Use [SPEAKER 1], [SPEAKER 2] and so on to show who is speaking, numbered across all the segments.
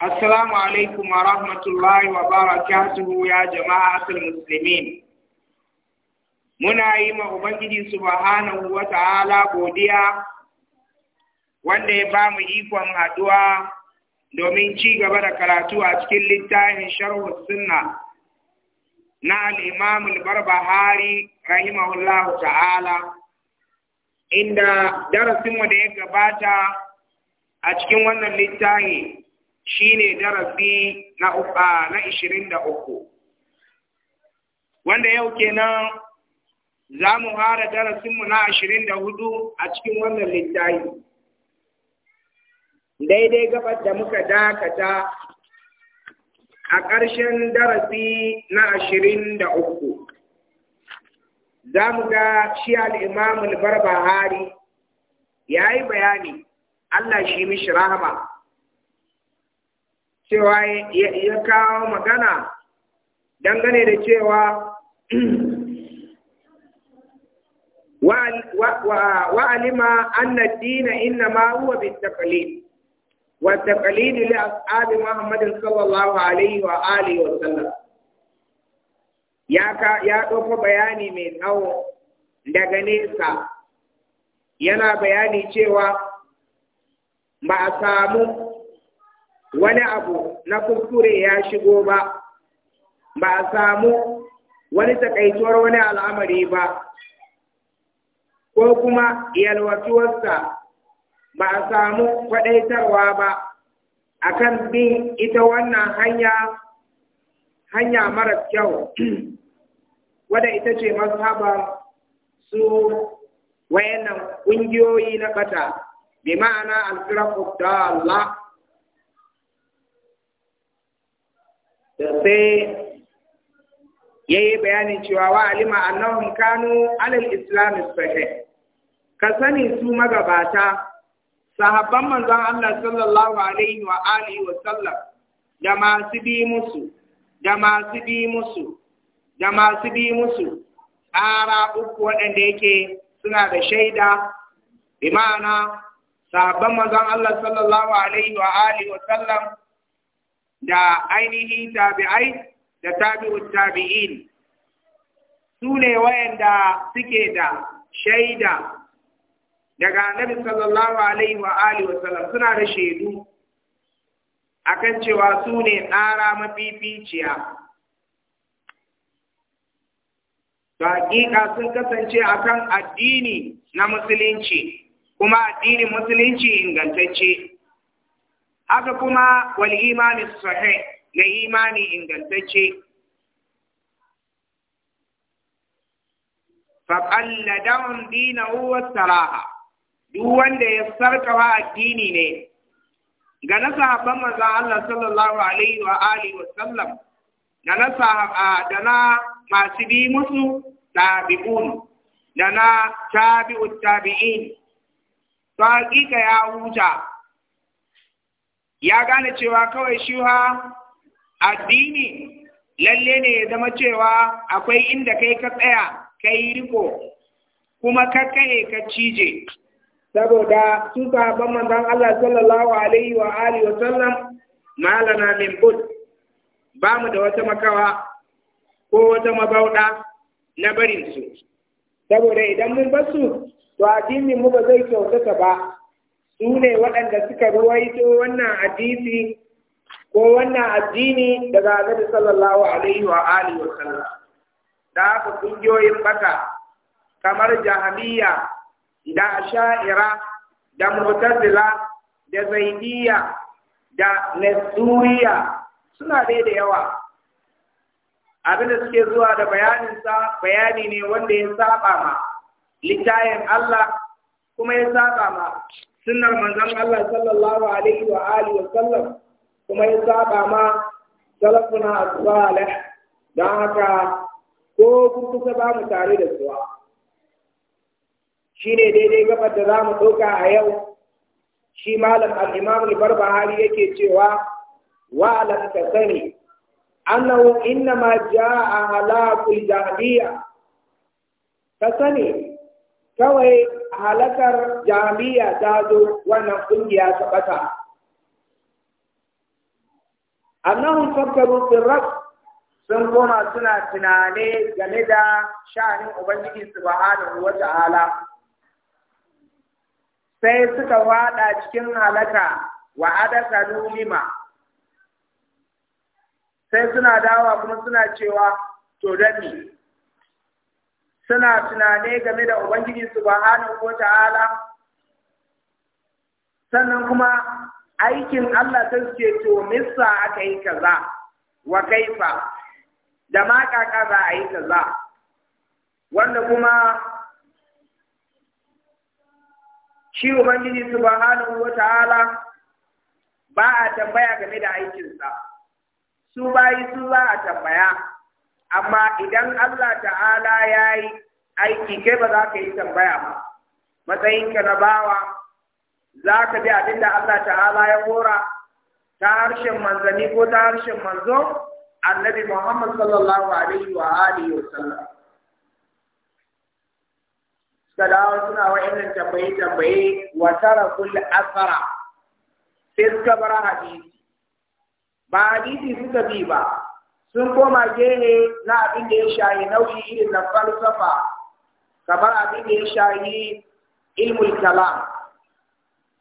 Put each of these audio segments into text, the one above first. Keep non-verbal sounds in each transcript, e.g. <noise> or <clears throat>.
[SPEAKER 1] Assalamu alaikum wa rahmatullahi wa barakatuhu ya jama'a asal muslimin. Muna yi ma Ubangiji subhanahu wa ta'ala godiya wanda ya ba mu ikon haduwa domin ci gaba da karatu a cikin littafin sharhu sunna na al-Imam al-Barbahari rahimahullahu ta'ala inda darasinmu da ya gabata a cikin wannan littafi Shi ne darasi na na ishirin da uku wanda yau kenan za mu fara darasinmu na ashirin da hudu a cikin wannan littafi daidai gabar da muka dakata a ƙarshen darasi na ashirin da uku za mu ga shi al'imamul barbahari ya yi bayani Allah shi mishi rahama cewa ya kawo magana dangane da cewa <clears throat> wa'alima annan dina inna ma bin bi taqlid wa taqlid li ashabi muhammadin sallallahu alaihi wa alihi wa sallam ya ɗofa bayani mai tsawo daga nesa yana bayani cewa ba a samu wani abu na kuskure ya shigo ba ba a samu wani takaituwar wani al'amari ba ko kuma yalwatuwarsa ba a samu kwadaitarwa ba akan bin ita wannan hanya hanya mara kyau <clears throat> wadda ita ce mazhabar su wayannan ƙungiyoyi na ƙata bi ma'ana al da Allah sai yi bayanin cewa wa alima annahum kanu alal islam sahih ka sani su magabata sahabban manzon Allah sallallahu alaihi wa alihi wa sallam da masu bi musu da masu bi musu da masu bi musu tsara uku waɗanda yake suna da shaida bi ma'ana sahabban manzon Allah sallallahu alaihi wa alihi wa sallam da ainihi tabi'ai da tabi'ut tabi'in Sune ne wayanda suke da shaida daga annabi sallallahu alaihi wa alihi wa sallam suna da shaidu akan cewa su ne tsara mafificiya to hakika sun kasance akan addini na musulunci kuma addinin musulunci ingantacce Aka kuma wal imani sahih da imani ingantacce dina dinahu wassaraha duk wanda ya sarkawa addini ne ga na sahabban manzo Allah sallallahu alaihi wa alihi wa sallam da na da na masu bi musu tabi'un da na tabi'ut tabi'in to hakika ya huta ya gane cewa kawai shuha addini lalle ne ya zama cewa akwai inda kai ka tsaya ka yi riko kuma ka kai ka cije saboda su sahabban manzon Allah sallallahu alaihi wa alihi wa sallam malana min bud ba mu da wata makawa ko wata mabauda na barin su saboda idan mun basu to addinin mu ba zai kyautata ba su ne waɗanda suka ruwaito wannan hadisi ko wannan addini daga Annabi sallallahu alaihi wa alihi wa sallam da haka kungiyoyin baka kamar jahamiya da sha'ira da mu'tazila da zaidiyya da nasuriya suna dai da yawa abinda suke zuwa da bayaninsa bayani ne wanda ya saba ma littayin Allah kuma ya saba ma sunnar manzon Allah sallallahu alaihi wa alihi wa sallam kuma ya saba ma salafuna salih da haka ko kusa ba mu tare da suwa shine daidai gabar da za mu ɗauka a yau shi malam al-imam al yake cewa wa An ka sani annahu innama jaa halakul jahiliya ka sani kawai halakar jami'a ta zo wannan kungiya ta bata Annahun fakkaru fi sun koma suna tunane game da sha'anin ubangiji subhanahu wa ta'ala sai suka waɗa cikin halaka wa adaka lima sai suna dawa kuma suna cewa to dami suna tunane game da ubangiji subhanahu wa ta'ala sannan kuma aikin Allah ta suke to missa aka yi kaza wa kaifa da ma za a yi kaza wanda kuma shi ubangiji subhanahu wa ta'ala ba a tambaya game da aikinsa su bayi su za a tambaya amma idan Allah ta'ala ya yi aiki kai ba za ka yi tambaya ba matsayinka na bawa za ka bi abin da Allah ta'ala ya hora ta harshen manzanni ko ta harshen manzo annabi Muhammad sallallahu alaihi wa alihi wa sallam sadawa suna wa'annan tambaye tambaye wa tara kull asara sai suka bar hadisi ba hadisi suka bi ba sun koma gene na abin da ya shayi nau'i irin na falsafa kamar abin da ya shayi ilmul kalam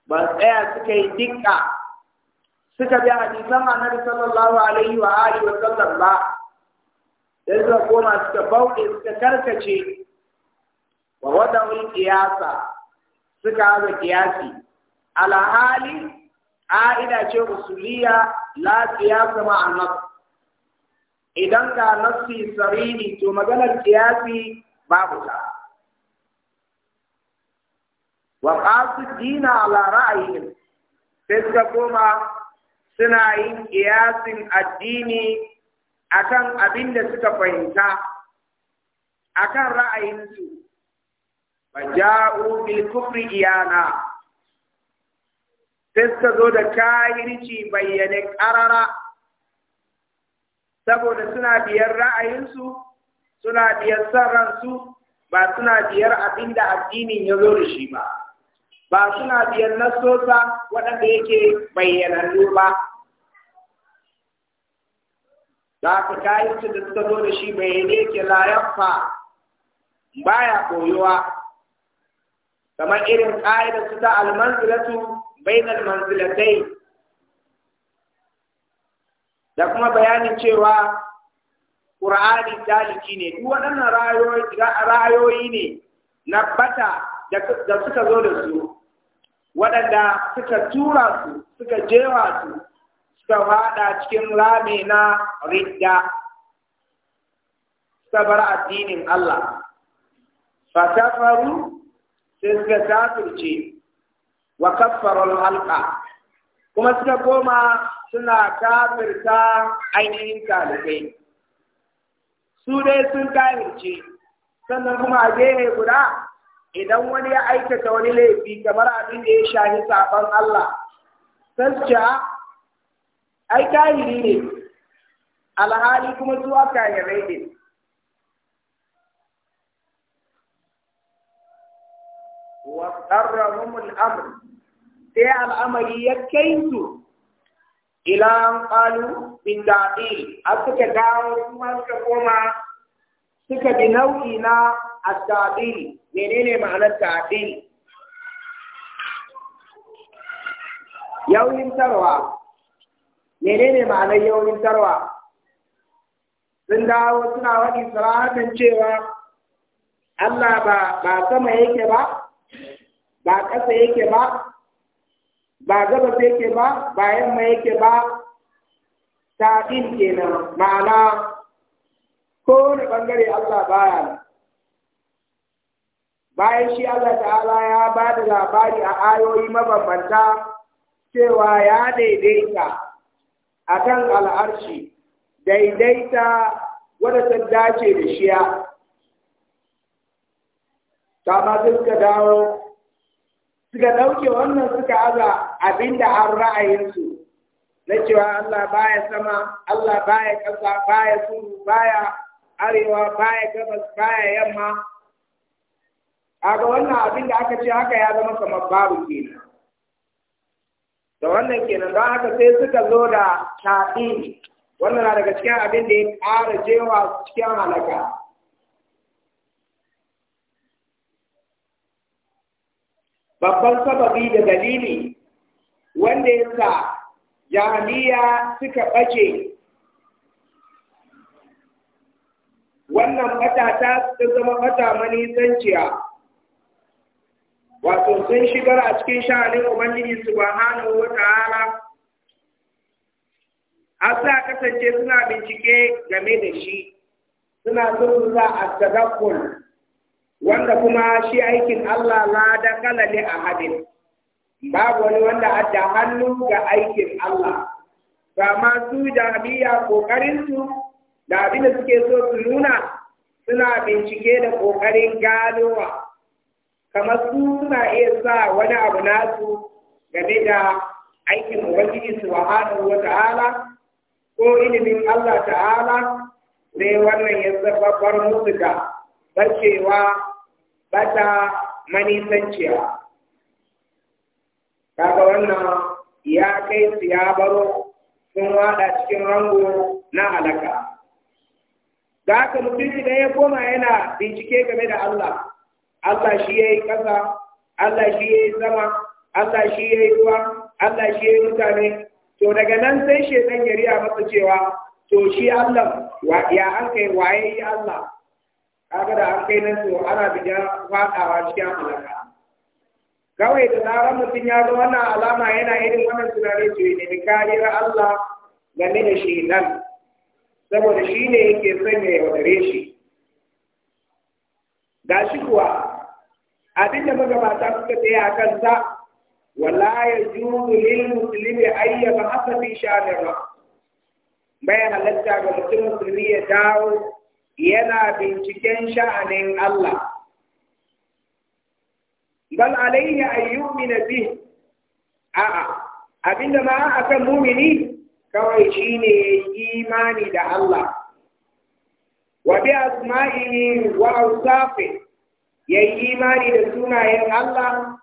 [SPEAKER 2] ba tsaya suka yi
[SPEAKER 1] dikka suka bi hadisan annabi sallallahu alaihi wa alihi wa sallam ba sai suka koma suka bauɗe suka karkace wa wada'ul qiyasa suka haɗa qiyasi ala hali ƙa'ida ce usuliya la qiyasa ma'an nafs idan ga nassi sarini to maganar kiyasi babu ta wa qasid dina ala sai suka koma suna yin kiyasin addini akan abin da suka fahimta akan ra'ayinsu faja'u bil kufri iyana sai suka zo da kayirci bayyane ƙarara saboda suna biyar ra'ayinsu suna biyar sarransu ba suna biyar abin da addinin ya zo da shi ba ba suna biyar nasosa waɗanda yake bayyanannu ba za ka kayi su da suka zo da shi bayyane yake layaffa baya koyuwa kamar irin ƙa'idar su ta almanzilatu bainal manzilatai da kuma bayanin cewa Qur'ani daliki ne duk waɗannan ra'ayoyi ne na bata da suka zo da su waɗanda suka tura su suka jewa su suka faɗa cikin rami na ridda suka bar addinin Allah fasafaru sai suka kafirce wa kafarar halka kuma suka koma suna kafirta ainihin talibai su dai sun kafirce sannan kuma a gehe guda idan wani ya aikata wani laifi kamar abin da ya shahi saban Allah sassa ai kahiri ne alhali kuma zuwa kahirai ne wa qarrahum amr sai al'amari ya kai su ila an qalu bin ta'il asuka dawo kuma suka koma suka bi nau'i na at-ta'il menene ma'anar daɗi? yawmin tarwa menene ma'anar yawmin tarwa sun dawo suna waɗin sarahatan cewa Allah ba ba sama yake ba ba ƙasa yake ba ba sai ke ba bayan yamma yake ba ta'in kenan ma'ana Ko kowane bangare Allah baya bayan shi Allah ta'ala ya ba da labari a ayoyi mabambanta cewa ya daidaita a kan al'arshi daidaita wadda ta dace da shiya ta ma suka dawo suka ɗauke wannan suka aza abinda an ra'ayinsu na cewa Allah baya sama, Allah baya ƙasa, baya suru, baya arewa, baya gabas, baya yamma. Aga wannan abinda aka ce haka ya zama kamar babu kenan. Da wannan kenan don haka sai suka zo da taɗi wannan na daga cikin abin da ya ƙara jewa cikin halaka. Babban sababi da dalili wanda ya sa jahiliya suka ɓace wannan matata ta zama mata zanciya wato sun shigar a cikin sha'anin ubangiji subhanahu wa ta'ala har sa kasance suna bincike game da shi suna zurza a tadakkul wanda kuma shi aikin Allah la ne a hadin babu wani wanda adda hannu ga aikin Allah ba ma su jami'a kokarin su da abin da suke so su nuna suna bincike da kokarin ganowa kamar su suna iya sa wani abu nasu game da aikin ubangiji wahala wa ta'ala ko ilimin Allah ta'ala sai wannan ya zafafar musu ga bacewa bata manisanciya kaga wannan ya kai su ya baro sun wada cikin rango na halaka da ka mutum idan ya koma yana bincike game da Allah Allah shi ya yi ƙasa Allah shi ya yi sama Allah shi ya yi ruwa Allah shi ya yi mutane to daga nan sai shedan ya riya masa cewa to shi Allah ya an kai waye Allah kaga da an kai nan to ana bijan faɗawa cikin halaka kawai da zarar mutum ya ga wannan alama yana irin wannan tunani to ya nemi kariyar Allah game da shi nan saboda shi ne yake sanya ya wadare shi ga shi kuwa abin da magabata suka tsaye a kansa wala ya juzu lil muslimi ayyaba haka fi sha'ani bai halatta ga mutum musulmi ya dawo yana binciken sha'anin Allah bal alaihi an yu'mina bi a'a abinda ma akan mumini kawai shine imani da Allah wa bi asma'ihi wa awsafi yayi imani da sunayen Allah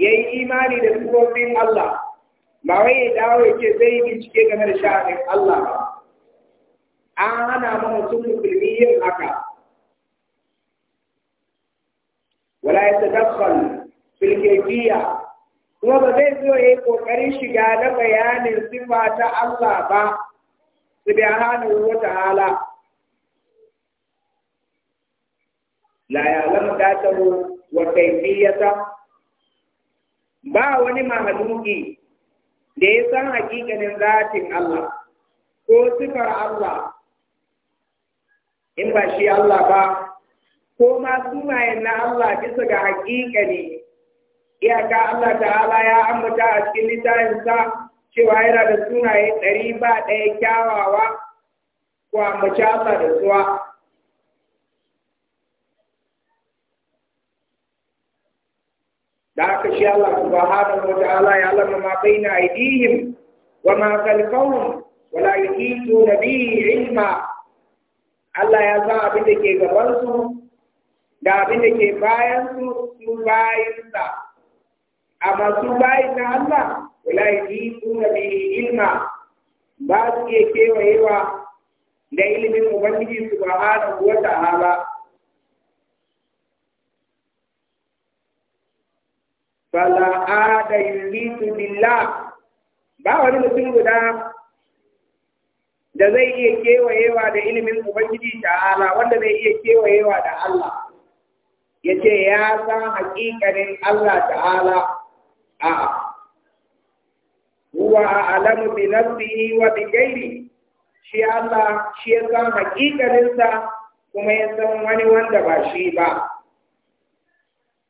[SPEAKER 1] yayi imani da sunan Allah ba wai dawo ya ce zai bincike game da sha'anin Allah an hana ma mutum musulmi yin haka wala ya tadakhal bilkekiya kuma ba zai zo ya yi ƙoƙarin shiga na bayanin sifa ta Allah ba su hannun wata hala. la ya'lamu dhatahu wata biyata. ba wani mahaluki da ya san hakikanin zatin Allah ko sifar Allah in ba shi Allah ba ko ma sunayen na Allah bisa ga hakikani ne iyaka Allah ta'ala ya ambata a cikin sa cewa yana da sunaye ɗari ba ɗaya kyawawa ko ambaci Allah da suwa. Da haka shi Allah subhanahu wa ta'ala ya lama ma baina aidihim wa ma khalfahum wa la na biyu ilma Allah ya sa abin da ke gabansu da abin da ke bayansu su bayansa. amma su bayin na Allah wala da bihi ilma ba su iya kewayewa da ilimin ubangiji subhanahu wa ta'ala fala ada yuhiqu billah ba wani mutum guda da zai iya kewayewa da ilimin ubangiji hala, wanda zai iya kewayewa da Allah ya ce ya san haƙiƙanin Allah ta'ala a'a huwa a'lamu bi nafsihi wa bi ghairihi shi Allah shi ya san hakikarinsa kuma ya san wani wanda ba shi ba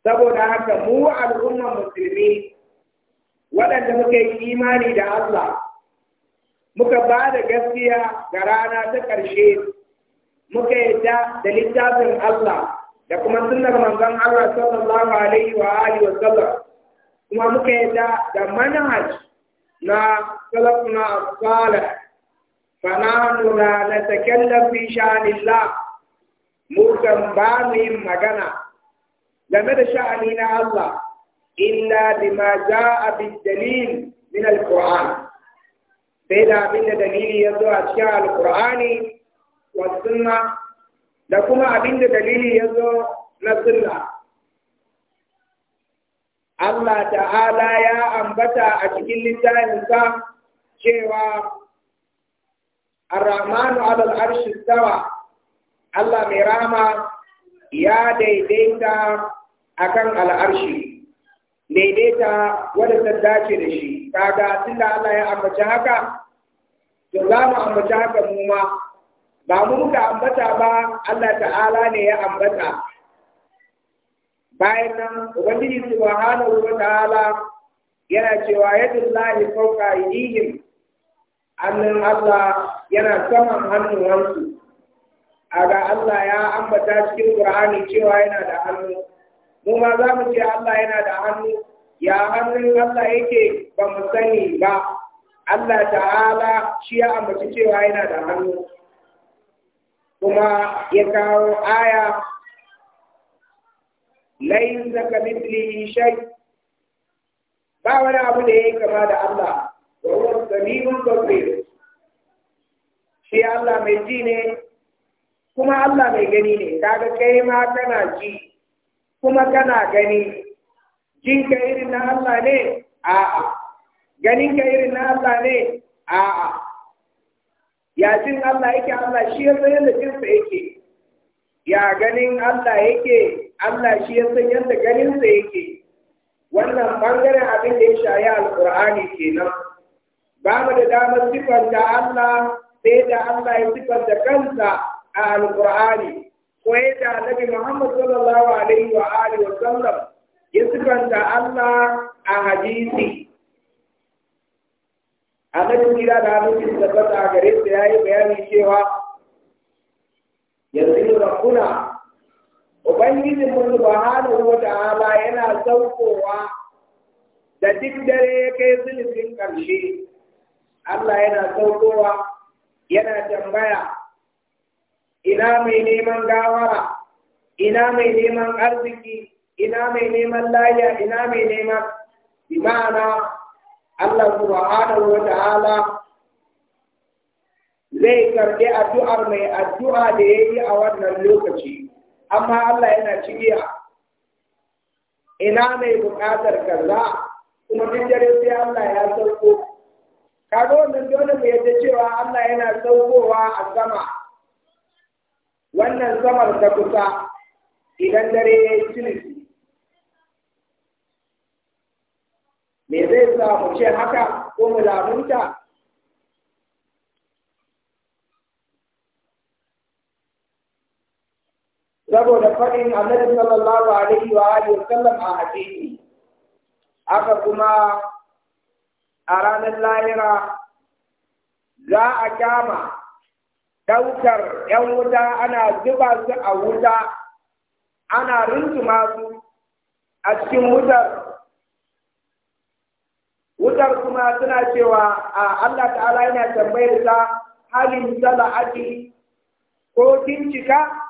[SPEAKER 1] saboda haka mu al'ummar musulmi waɗanda muka yi imani da Allah muka ba da gaskiya ga rana ta ƙarshe muka yadda da littafin Allah da kuma sunnar manzon Allah sallallahu alaihi wa alihi wa sallam kuma muka yadda da manhaj na salafuna as-salih fa nahnu la natakallaf fi sha'anillah mu kan ba mu yin magana game da sha'ani na Allah illa bima ja'a bid-dalil min al-Qur'an sai da abin da dalili ya zo a cikin al-Qur'ani wa sunna da kuma abin da dalili ya zo na sunna Allah ta'ala ya ambata a cikin littafinsa cewa Ar-Rahmanu alal arshi Allah mai rama ya daidaita kan al'arshi daidaita wadda ta dace da shi kaga da Allah ya ambaci haka to za mu ambaci haka mu ma ba mu ka ambata ba Allah ta'ala ne ya ambata bayan nan ubangiji subhanahu wa ta'ala yana cewa 'Yadda yadullahi yi aydihim annan Allah yana saman hannun wansu aga Allah ya ambata cikin Qur'ani cewa yana da hannu mu ma za mu ce Allah yana da hannu ya hannun Allah yake ba mu sani ba Allah ta'ala shi ya ambaci cewa yana da hannu kuma ya kawo aya laisa ka mithlihi shay ba wani abu da yayi kama da Allah wa huwa samiul basir shi Allah mai ji ne kuma Allah mai gani ne kaga kai ma kana ji kuma kana gani jin ka irin na Allah ne a'a ganin ka irin na Allah ne a'a ya jin Allah yake Allah shi ya san da jinsa sa yake ya ganin Allah yake Allah shi ya san yadda ganinsa yake wannan bangaren abin da ya shayi alkur'ani kenan ba mu da damar sifanta Allah sai da Allah ya sifanta kansa a alkur'ani ko da Nabi Muhammad sallallahu alaihi wa alihi wa sallam ya sifanta Allah a hadisi annabi kira da hadisin da ta gare sa yayi bayani cewa yanzu kula. Ubangijin mu subhanahu wa ta'ala yana saukowa da duk dare ya kai zulubin ƙarshe. Allah yana saukowa yana tambaya ina mai neman gawara ina mai neman arziki ina mai neman laya ina mai neman imana Allah subhanahu wa ta'ala zai karɓi addu'ar mai addu'a da ya yi a wannan lokaci. amma Allah yana cikiya. ina mai buƙatar kaza kuma duk dare sai Allah ya sauko kaga wannan dole mu yadda cewa Allah yana saukowa a sama wannan samar ta kusa idan dare ya yi silisi me zai sa mu ce haka ko mu lamunta saboda faɗin annabi sallallahu alaihi wa alihi wa sallam a hadisi aka kuma a ranar lahira za a kyama ɗaukar ‘yan wuta ana zuba su a wuta ana rintuma su a cikin wutar wutar kuma suna cewa a Allah ta'ala yana tambayar ta halin sala'aki ko kincika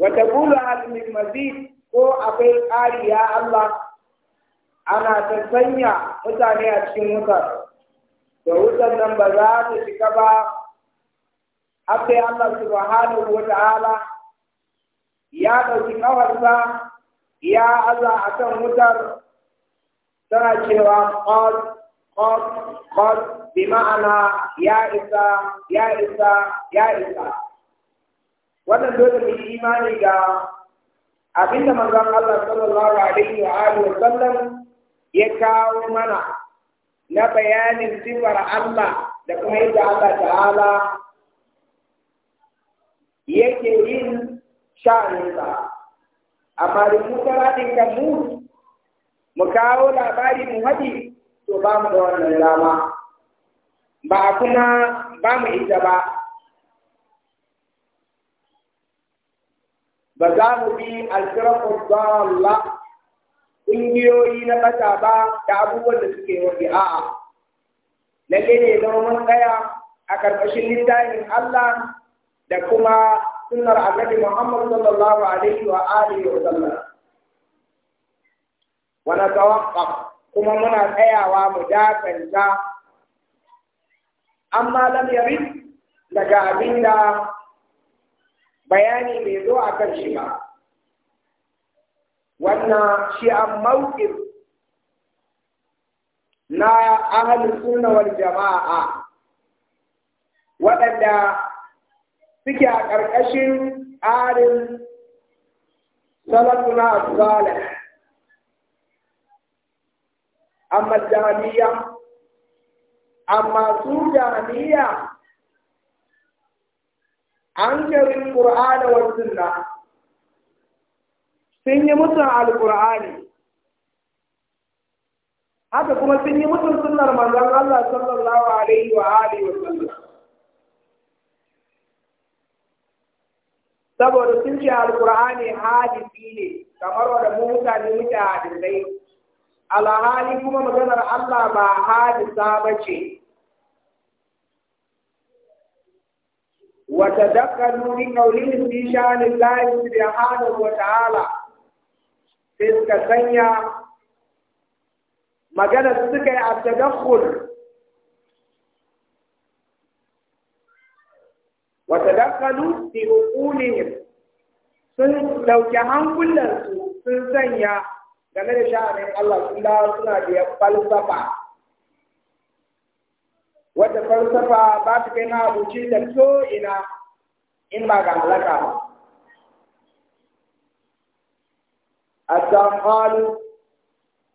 [SPEAKER 1] wata kulu hal min ko akwai ƙari ya Allah ana ta sanya mutane a cikin wutar da wutar nan ba za ta shiga ba har sai Allah subhanahu wa ta'ala ya ɗauki ƙawarsa ya Allah a kan wutar tana cewa ƙos ƙos ƙos bi ma'ana ya isa ya isa ya isa wannan dole mu yi imani ga abinda manzon Allah sallallahu alaihi wa alihi wa sallam ya kawo mana na bayanin sifar Allah da kuma yadda Allah ta'ala yake yin sha'aninsa amma da mu karaɗin kan mu mu kawo labari mu haɗi to ba mu da wannan rama ba kuma ba mu ita ba ba za mu bi alfirafin dalla ƙungiyoyi na ƙasa ba da abubuwan da suke wafi a lalle ne zama mun tsaya a ƙarƙashin littafin Allah da kuma sunnar annabi Muhammad sallallahu alaihi wa alihi wa sallam wa kuma muna tsayawa mu dakanta amma lam yarid daga abinda bayani mai zo a kan shi ba wannan shi an na ahalin sunawar jama'a waɗanda suke a ƙarƙashin tsarin na asali. amma jami'a amma su jami'a an jarin ƙur'ana wa sunna sun yi mutum alƙur'ani haka kuma sun yi mutum sunnar manzon Allah sallallahu alaihi wa alihi wa sallam saboda sun ce alƙur'ani hadisi ne kamar wanda mu mutane muke hadisai alhali kuma maganar Allah ba hadisa ba ce وتدخلوا من قولهم في شأن الله سبحانه وتعالى sai suka sanya magana suka yi a tadakhul wa tadakkalu fi uqulihim sun dauki hankulansu sun sanya game da sha'anin Allah sun dawo suna da falsafa Wata falsafa ba ta kai na abuci da so ina in ba ga halaka ba azan qalu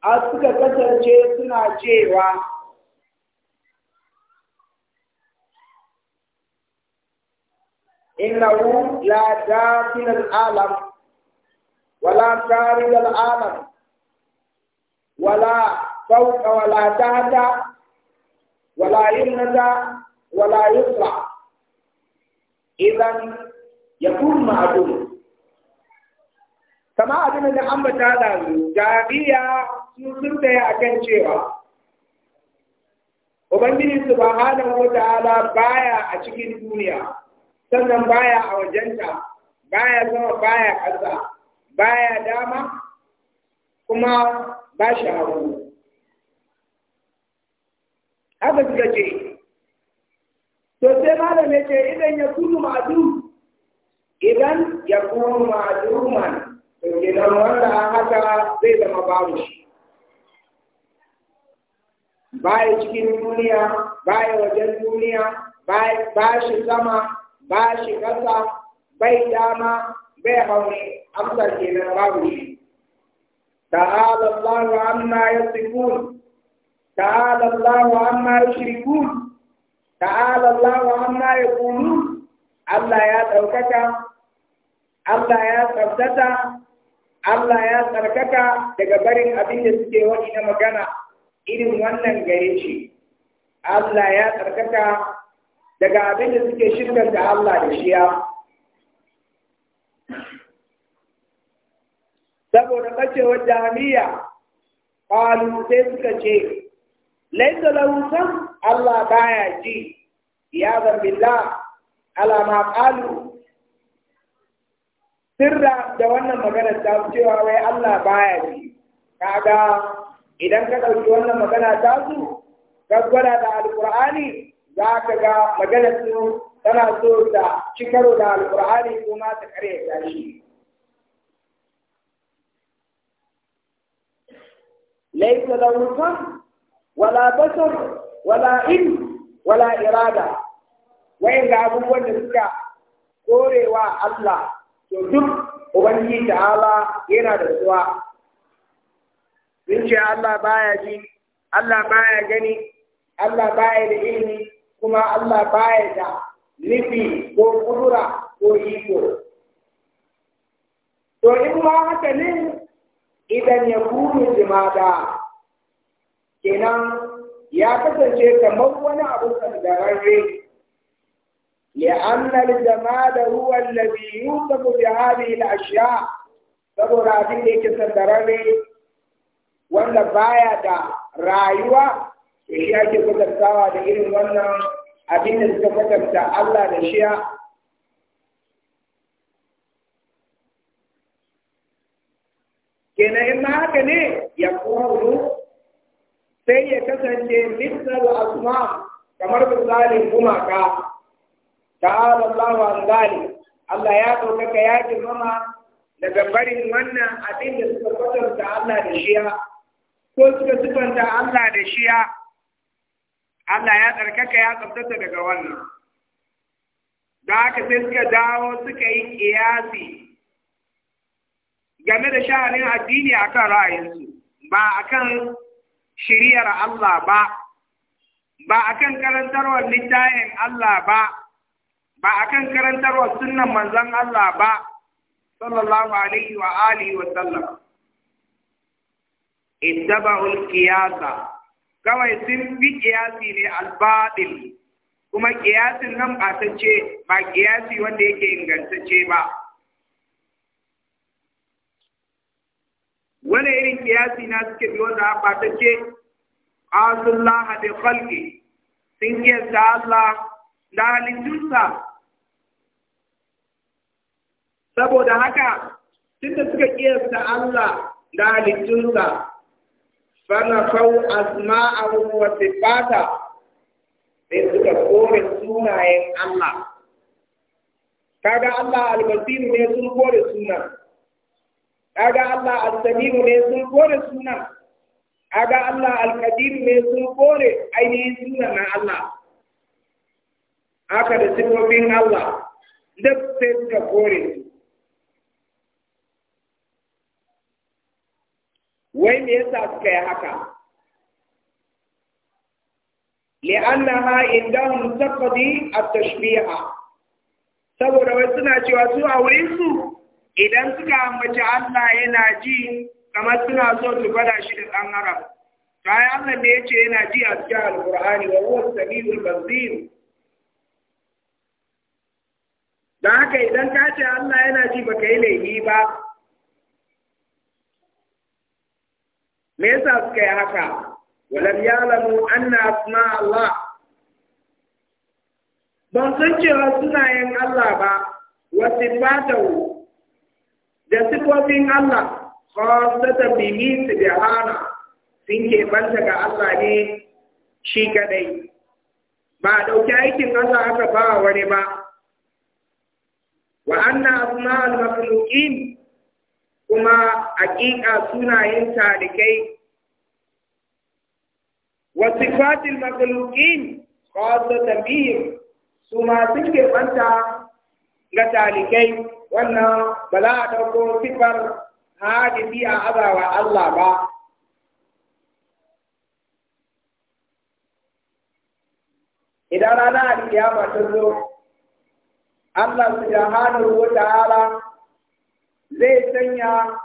[SPEAKER 1] a suka kasance suna cewa إنه لا داخل العالم ولا خارج العالم ولا فوق ولا تحت wala yumnata wala yusra idan yakun ma'dum kama abin da ambata da jami'a sun surta akan cewa Ubangiji subhanahu wa ta'ala baya a cikin duniya, sannan baya a wajenta, baya sama baya ƙasa, baya dama, kuma ba shi hagu. haka suka ce to sai malam ce idan ya kunu ma'adu idan ya kunu ma'adu man to idan wanda haka zai zama babu shi baya cikin duniya baya wajen duniya ba shi sama ba shi ƙasa bai dama bai hauni amsar kenan babu shi ta'ala Allahu amma yasifun تعالى الله عما يشركون تعالى amma ya يقولون Allah ya دوكك Allah ya تبتتا Allah ya tsarkaka daga barin abin da suke wani na magana irin wannan gare shi Allah ya tsarkaka daga abin da suke shirkar da Allah da shiya saboda bacewar jami'a ƙwalu sai suka ce laisa lahu Allah baya ji ya zambilla ala ma sirra da wannan magana ta cewa wai Allah baya ji kaga idan ka ɗauki wannan magana ta su ka gwada da alqur'ani za ka ga maganar su tana so ta ci karo da alqur'ani kuma ta kare ta shi laisa lahu wala basar wala in wala irada wai ga abubuwan da suka korewa Allah to duk ubangiji ta'ala yana da suwa sun ce Allah baya ji Allah baya gani Allah baya da ilimi kuma Allah baya da nufi ko kudura ko iko to in ma haka ne idan ya kuru jimada kenan ya kasance kamar wani abu kandararre da الجماد هو الذي يوصف بهذه الأشياء saboda abin da yake sandararre wanda baya da rayuwa da shi ake kwatantawa da irin wannan abin da suka kwatanta Allah da shiya sai ya kasance misal asma kamar misalin gumaka ta'ala Allahu an zalim Allah ya ɗaukaka ya girmama daga barin wannan abin da suka kwatanta Allah da shiya ko suka sifanta Allah da shiya Allah ya tsarkaka ya tsabtata daga wannan da aka sai suka dawo suka yi kiyasi game da sha'anin addini akan ra'ayinsu ba akan shiriyar Allah ba, ba a kan karantarwar littafin Allah ba, ba a kan karantarwar sunan manzan Allah ba, sallallahu alaihi wa alihi wa sallam. Ittaba'ul qiyasa kawai sun bi kiyasi ne albaɗin kuma kiyasin nan ba ta ce ba kiyasi wanda yake ingantacce ba. wani irin kiyasi na suke yi wanda take, ce, Allah bi khalqi sun kiyasta Allah da halittunsa saboda haka tunda suka kiyasta Allah da halittunsa fanafau asma'ahu wa sifata sai suka kore sunayen Allah kaga Allah albasiru ne sun kore sunan aga Allah al-sami'u ne sun kore sunan aga Allah al-qadir ne sun kore ainihin sunan na Allah aka da sifofin Allah duk sai suka kore su wai me yasa suka yi haka li'annaha mu taqdi a tashbiya. saboda wai suna cewa su a wurin su idan suka ambaci Allah yana ji kamar suna so su gwada shi da ɗan haram bayan Allah da ya ce yana ji a cikin Al-Qur'ani wa huwa samiul basir da haka idan ka ce Allah yana ji baka yi laifi ba me yasa suka yi haka walam ya'lamu anna asma Allah ban san cewa sunayen Allah ba wa sifatahu da sifofin Allah khasatan bihi subhana sun ke banta ga Allah ne shi kadai ba ɗauki aikin Allah aka ba wani ba wa anna al makhluqin kuma hakika sunayen talikai wa sifatil makhluqin khasatan bihi su ma suke banta ga talikai wannan ba za a ɗauko sifar hadisi a azawa Allah ba idan rana alkiyama ta zo Allah hannu wata ta'ala zai sanya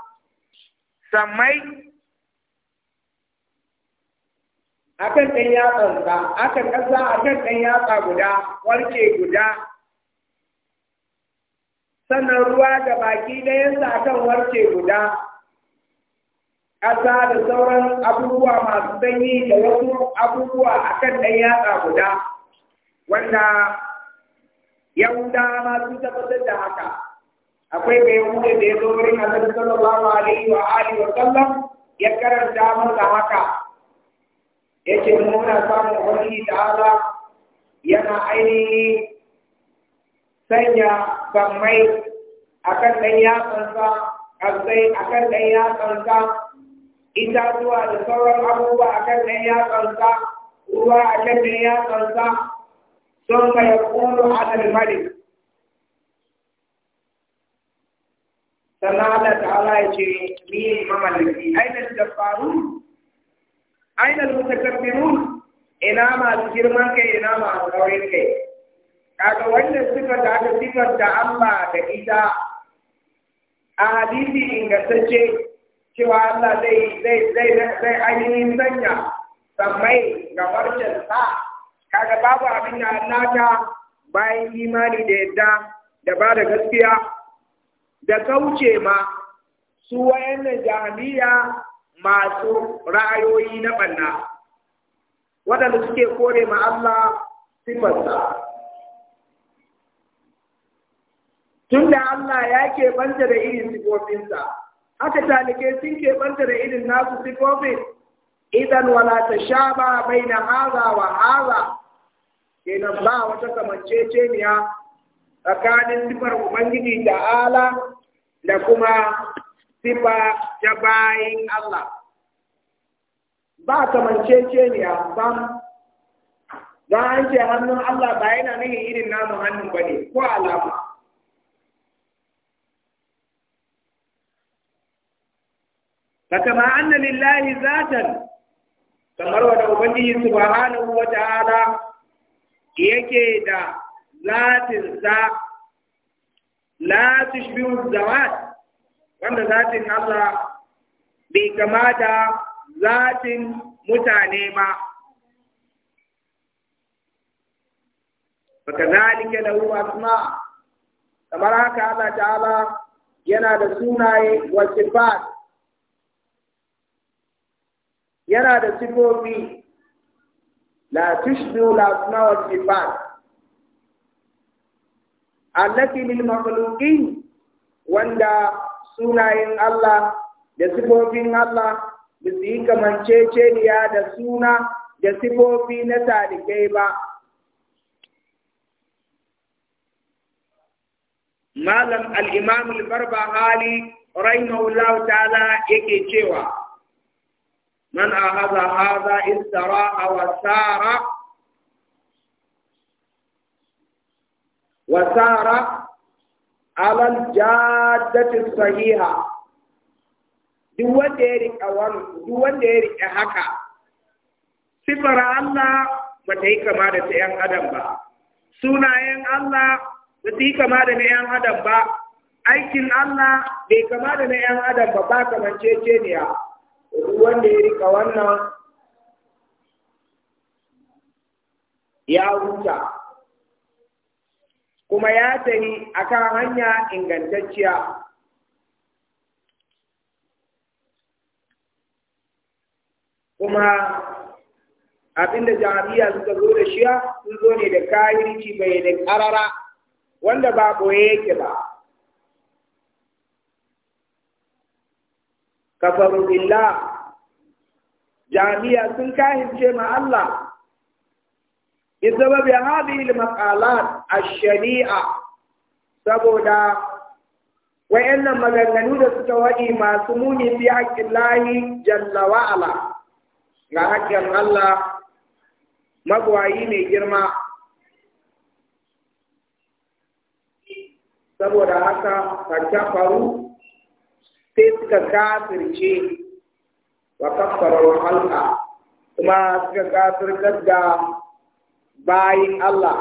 [SPEAKER 1] sammai akan ɗan a kan ƙasa ɗan yatsa guda, warke guda, sannan ruwa ga baki ɗayansa akan warce guda ƙasa da sauran abubuwa masu sanyi da wasu abubuwa akan ɗan yatsa guda wanda yahudawa ma sun tabbatar da haka akwai mai yahuda da ya zo wurin annabi sallallahu alaihi wa alihi wa sallam ya karanta masa haka yace muna samun wani ta'ala yana ainihi sanya gammai akan ɗan yatsansa ƙarsai akan ɗan yatsansa itatuwa da sauran abubuwa akan ya yatsansa ruwa akan ɗan yatsansa sun mai kulu alal malik sannan Allah ta'ala ya ce ni mamallaki ainihin aina ainihin mutakabbirun ina masu girman kai ina masu kaurin kai kaga wannan sifar da aka sifar da Allah da ita a hadisi ingantacce cewa Allah zai zai zai zai ainihin sanya sammai ga farcen sa kaga babu abin da Allah ta bayan imani da yadda da ba da gaskiya da kauce ma su wayannan jami'a masu ra'ayoyi na banna waɗanda suke kore ma Allah sifarsa tun da Allah ya banta da irin sifofinsa haka talike sun banta da irin nasu sifofin idan wala ta sha ba bai na haza wa haza kenan ba wata kamanceceniya tsakanin sifar Ubangiji da ala da kuma sifa ta bayin Allah ba kamanceceniya ba don an ce hannun Allah ba yana nuna irin namu hannun ba ne ko alama فكما أن لله zatan kamar wanda Ubangiji subhanahu wa ta'ala yake da zatinsa la tushbihu wanda zatin Allah bai kama da zatin mutane ma da lahu asma kamar haka ana ta'ala yana da sunaye wasu sifat yana da sifofi la tushbi la asma wa sifat allati lil makhluqin wanda sunayen Allah da sifofin Allah ba su yi kamanceceniya da suna da sifofi na talibai ba malam al-imam al-barbahari rahimahullahu ta'ala yake cewa من أخذ هذا استراء وسار وسار على الجادة الصحيحة duk ديري ya riƙa ديري duk wanda ya متيك haka sifar Allah ba ta yi kama da ta ‘yan adam ba aikin Allah ba kama da na ‘yan adam ba aikin Allah bai kama da wanda ya rika wannan ya huta kuma ya a kan hanya ingantacciya kuma abinda jami'a suka zo da shiya sun zo ne da kayirci bai da karara wanda ba boye yake ba kafaru billah jami'a sun kahince ma Allah izaba bi hadhihi al-maqalat ash-shari'a saboda wayannan maganganu da suka wadi masu muni fi haƙƙin lahi jalla wa ala ga haƙƙin Allah magwayi mai girma saboda haka fa Faru sai suka kafirce wa kafarul halqa kuma suka kafirtar da bayin Allah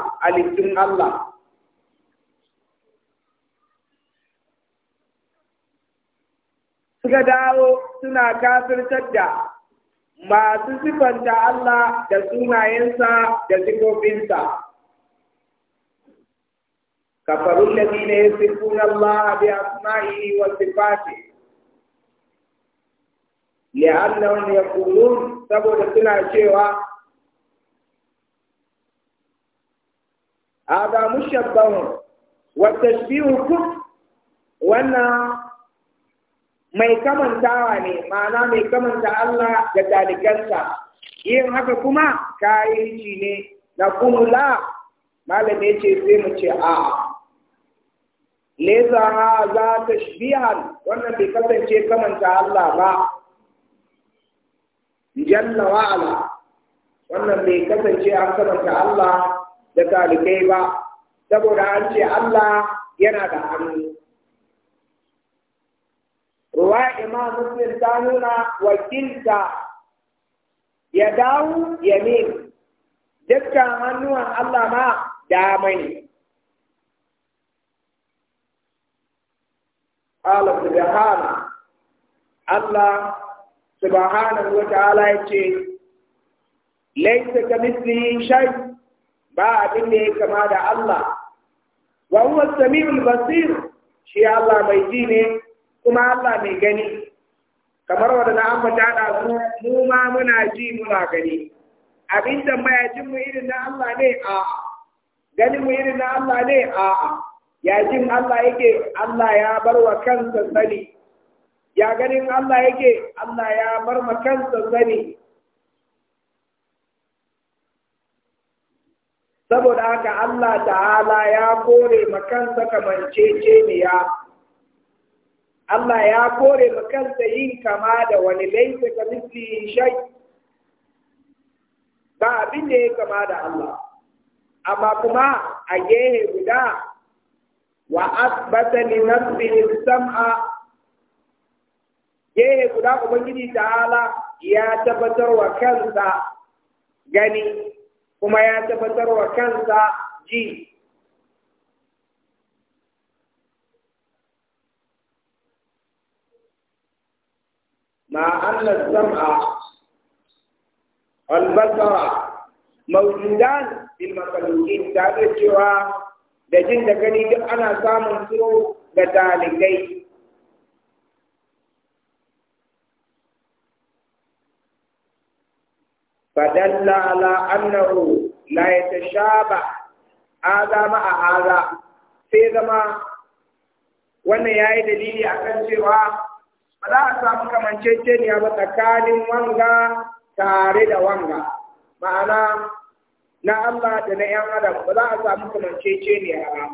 [SPEAKER 1] Allah suka dawo suna kafirtar da masu sifanta Allah da sunayensa da sifofinsa kafarun ladina yasifuna Allah bi asma'ihi wa sifatihi ya yaqulun saboda suna cewa hada mushabbahun wa tashbihu kuf wannan mai kamantawa ne ma'ana mai kamanta Allah da talikansa yin haka kuma kayanci ne na kumula malame ce sai mu ce a leza ha za ta wannan bai kasance kamanta Allah ba jalla wa ala wannan bai kasance an kamanta Allah da talibai ba saboda an ce Allah yana da hannu ruwa ima musulun ta nuna wakilta ya dawo ya ne dukkan hannuwan Allah ma damai ne Allah subhanahu Allah subhanahu wa ta'ala yace laysa kamithlihi shay ba abin ya kama da Allah wa huwa as-sami'ul basir shi Allah mai ji ne kuma Allah mai gani kamar wanda na ambata da su mu ma muna ji muna gani Abinda da mayajin mu irin na Allah ne a Gani mu irin na Allah ne a yajin Allah yake Allah ya bar wa kansa sani ya ganin Allah yake Allah ya bar makansa sani saboda haka Allah ta'ala ya kore makansa ya Allah ya kore makansa yin kama da wani laifi ka misli shai ba abin da ya kama da Allah amma kuma a gehe guda wa asbata li nafsihi sam'a gehe guda ubangiji ta'ala ya tabbatar wa kansa gani kuma ya tabbatar wa kansa ji anna sam'a السمع basara mawjudan bil المخلوقين da cewa da jin da gani duk ana samun su ga talibai فدل على أنه لا يتشابه aza مع هذا sai zama wannan ya yi dalili akan cewa ba za a samu kamanceceniya ba tsakanin wanga tare da wanga ma'ana na Allah da na ‘yan adam ba za a ne kamanceceniya ba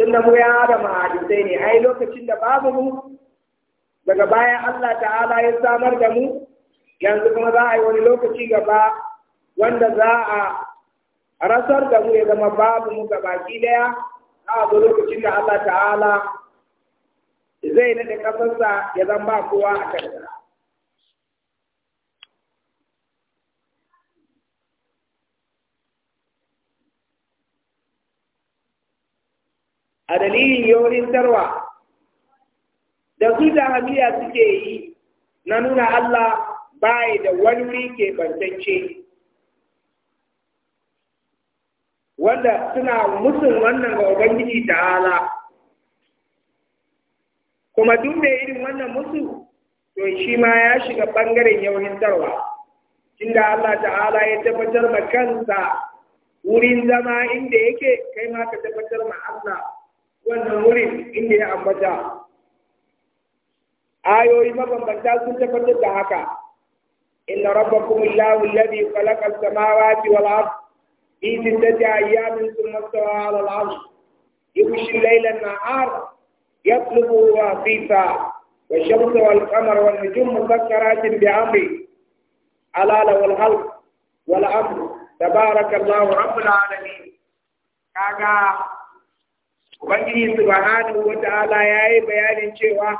[SPEAKER 1] tun mu ‘yan adam a hadisai ne ai lokacin da babu mu daga bayan Allah ta'ala ya samar da mu yanzu kuma za a yi wani lokaci gaba wanda za a rasar da mu ya zama babu mu ga baki daya a zo lokacin da Allah ta'ala zai nade ƙasarsa ya zama ba kowa a kanta a dalilin yawon tarwa da su da hamiya suke yi na nuna Allah baya da wani wuri ke bantacce wanda suna musun wannan ga Ubangiji ta'ala kuma duk mai irin wannan musu to shi ma ya shiga ɓangaren yaunin tarwa inda Allah ta'ala ya tabbatar ma kansa wurin zama inda yake kai ma ka tabbatar ma Allah wannan wurin inda ya ambata ayoyi mabambanta sun tabbatar da haka inna rabbakum allahu alladhi khalaqa as-samawati wal ardh fi sittati ayamin thumma istawa 'ala al-'arsh yughshi al-layla an-nahar yatlubuhu hafisa والشمس والقمر والنجوم مسكرات بأمره ألا له الخلق والأمر تبارك الله رب العالمين كاكا ubangiji subhanahu wa ta'ala yayi bayanin cewa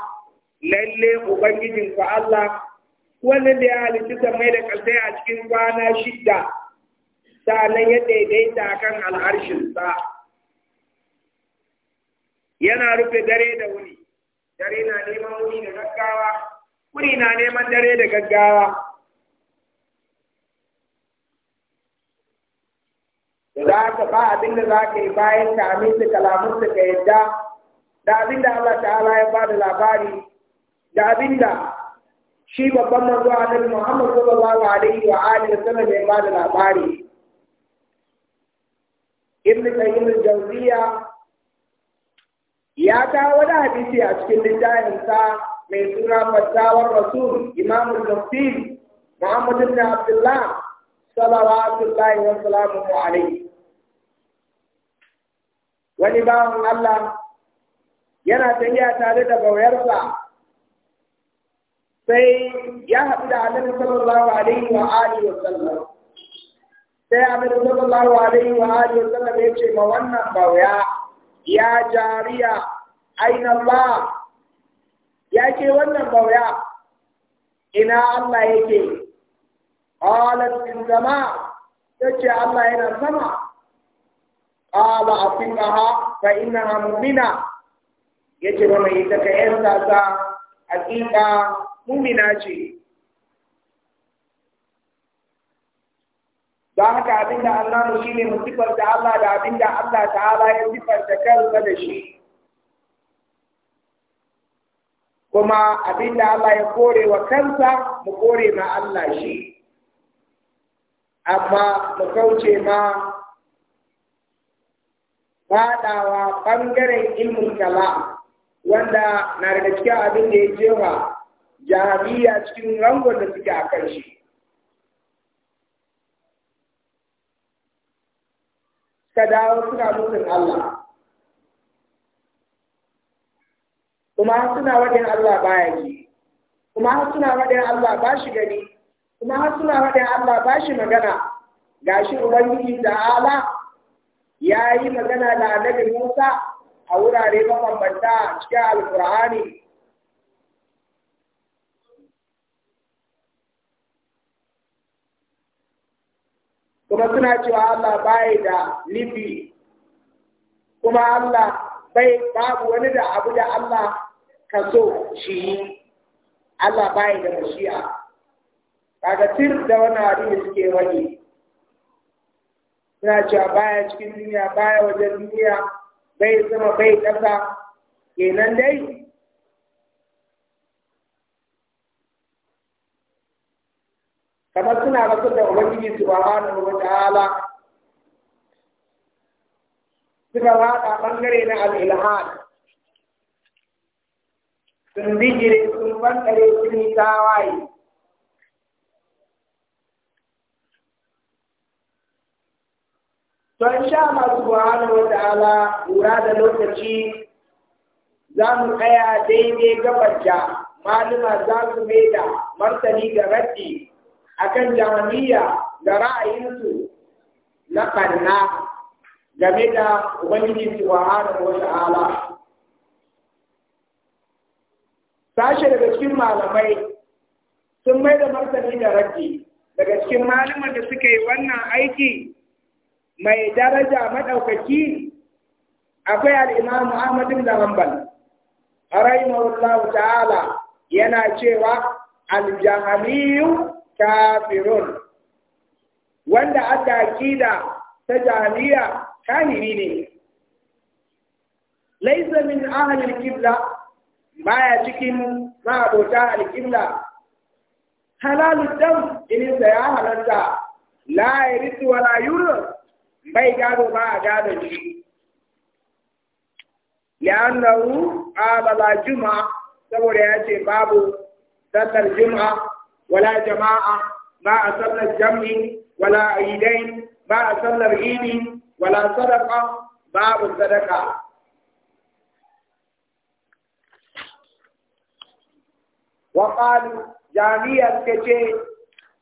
[SPEAKER 1] lalle ubangijin ku Allah wanda da ya halitta mai da kalsai a cikin kwana shidda nan ya daidaita kan al'arshinsa yana rufe dare da wuri, dare na neman wuri da gaggawa wuri na neman dare da gaggawa za ka ba abin da za ka yi bayan ka aminta kalamunsa ka yadda da abin da Allah ta'ala ya ba da labari da abinda shi babban manzo annabi Muhammad sallallahu alaihi wa alihi wa sallam ya ba da labari Ibn Qayyim al-Jawziyya ya kawo wani hadisi a cikin littafinsa mai suna Fatawar Rasul Imam al-Mufti Muhammad ibn Abdullah salawatullahi wa salamuhu alaihi wani bawan Allah yana tafiya tare da gauyarsa sai ya haɗu da annabi sallallahu alaihi wa alihi wa sallam sai annabi sallallahu alaihi wa alihi wa sallam ya ce ma wannan bauya ya jariya aina Allah ya ce wannan bauya ina Allah yake qalat in sama tace Allah yana sama qala afiqaha fa innaha mu'mina yace ba mai ita ka yarda ta hakika mumina ce don haka abinda Allah mu shine mu da Allah da abinda Allah ta'ala ya da kansa da shi kuma abinda Allah ya kore wa kansa mu kore ma Allah shi amma mu kauce ma faɗawa ɓangaren ilmin kala wanda na daga cikin abin da ya jefa jami'a cikin rangon da suke a kan shi ka dawo suna mutum Allah kuma suna wajen Allah baya ji kuma suna wajen Allah ba shi gani kuma suna wajen Allah ba shi magana Ga gashi Ubangiji ta'ala ya yi magana da annabi Musa a wurare mabambanta cikin Alkur'ani kuma suna cewa Allah bai da nufi kuma Allah bai babu wani da abu da Allah ka so shi yi Allah bai da mashiya. kaga tir da wani abin suke wani suna cewa baya cikin duniya baya wajen duniya bai sama bai ƙasa kenan dai kamar suna rasar da ubangiji subhanahu wa ta'ala suka wada bangare na al-ilhad sun bijire sun bangare sun yi tawaye to insha Allah subhanahu wa ta'ala lura da lokaci za mu tsaya daidai gabar da maluma za su mai da martani ga raddi akan jamaniya da ra'ayinsu na kanna game da Ubangiji subhanahu wa ta'ala. Sashe daga cikin malamai sun mai da martani da rafi daga cikin malamar da suka yi wannan aiki mai daraja maɗaukaki akwai al'imam Muhammadu da Hanbal, rahimahullahu ta'ala yana cewa aljahamiyu kafirun wanda adda aqida ta jahiliya kafiri ne laysa min ahli al-qibla baya cikin ma'abota al-qibla halalu dam jinin da ya halarta la yaritu wala yuru bai gado ba a gado shi li'annahu ala juma'a saboda ya ce babu sallar juma'a ولا جماعة ما أصل الجمع ولا عيدين ما أصل العيد ولا صدقة باب الصدقة وقالوا جامية كتير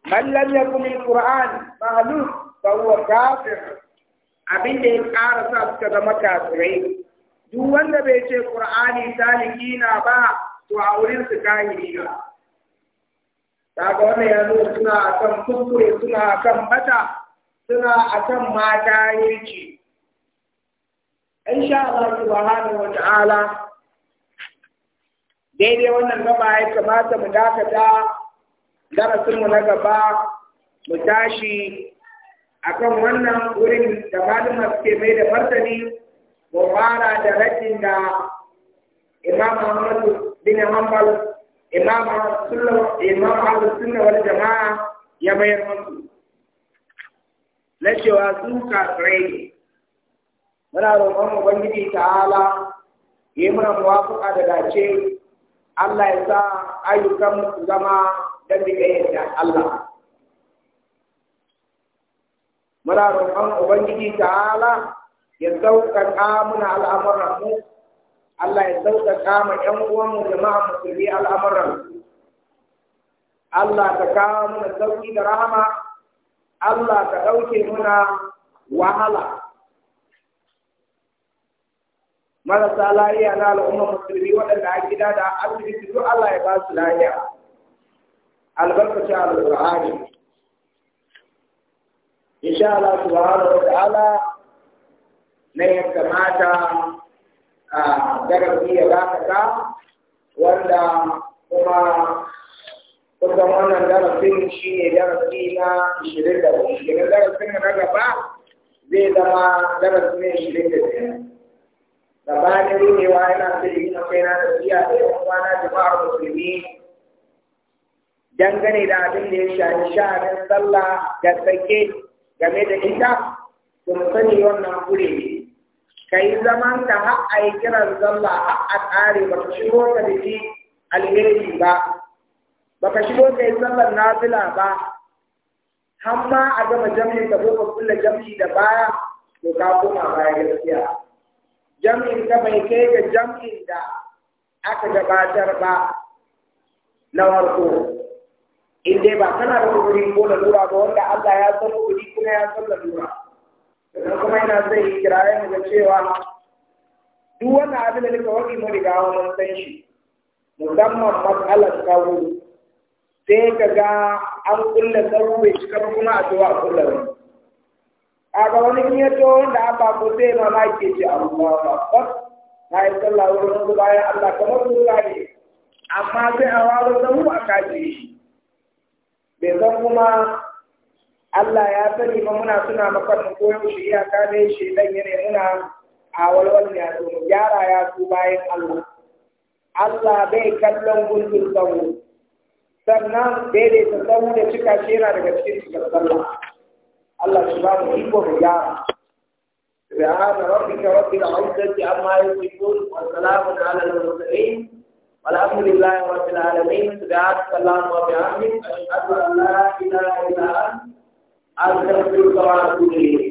[SPEAKER 1] من لم يكن القرآن مألوف فهو كافر abin da ya ƙara sa suka zama kafirai duk wanda bai ce ƙur'ani saliki na ba to a wurin su kahiri ba kaga wannan ya zo suna a kan kuskure suna a kan bata suna a kan mata yake insha Allah subhanahu wa ta'ala daidai wannan gaba ya kamata mu dakata darasin mu na gaba mu tashi akan wannan wurin da malama suke mai da martani mu fara da rajin da Imam Ahmad bin Hanbal imam al-sunna wal jama'a ya bayar musu na cewa su kafirai ne muna roƙon ubangiji ta'ala yi muna muwafuka da dace Allah ya sa ayyukan su zama don da yadda Allah muna roƙon ubangiji ta'ala ya sauƙaƙa muna al'amuran mu Allah ya sauƙaƙa ma ƴan uwanmu jama'a musulmi al'amuran Allah ka kawo mana sauƙi da rahama Allah ka ɗauke muna wahala marasa lafiya na al'ummar musulmi waɗanda a gida da asibiti duk Allah ya ba su lafiya albarkacin alƙur'ani insha Allah subhanahu wa ta'ala na ya kamata darasi ya dakata wanda kuma kusan wannan darasin shi ne darasi na ishirin da hudu idan darasin na gaba zai zama darasi ne ishirin da biyar gabanin rinewa yana so yi na kai na tafiya da yan kwana jama'ar musulmi dangane da abin da ya shafi sha'anin sallah da sake game da ita sun sani wannan kure ne Kai zama zaman ka har a yi kiran zalla har a tsare ba ka shigo ka da alheri ba ba ka shigo ka yi sallar nafila ba har ma a gama jam'in ka zo ka kulle jam'i da baya to ka koma baya gaskiya jam'in ka bai kai ga jam'in da aka gabatar ba na warko, in dai ba kana da kuri ko lalura ba wanda Allah ya san wuri kuma ya san lalura idan kuma yana zai yi kirayen mu cewa duk wannan abin da nika wani mu riga wani san shi musamman matsalar tsaro sai ka ga an kulle tsaro bai cikar kuma a zuwa a kulle wani a ga wani in ya to wanda an ba ko sai ke ce abu ba ba ba na yi sallah wurin su bayan Allah kamar su zai amma sai a wawar zan mu a kaji bai san kuma Allah ya sani ba muna suna mafarkin koyon shi ka dai shi dan yana muna a walwal ya zo ya su bayan Allah Allah bai kallon gundun sahu sannan daidaita sahu da cika shi daga cikin cikar Allah shi ba mu iko mu gyara
[SPEAKER 2] سبحان ربك رب العزة
[SPEAKER 1] عما يصفون وسلام على المرسلين والحمد لله رب العالمين سبحانك اللهم وبحمدك اشهد ان لا اله الا انت
[SPEAKER 2] आज तक जो सवाल पूछ
[SPEAKER 1] लिए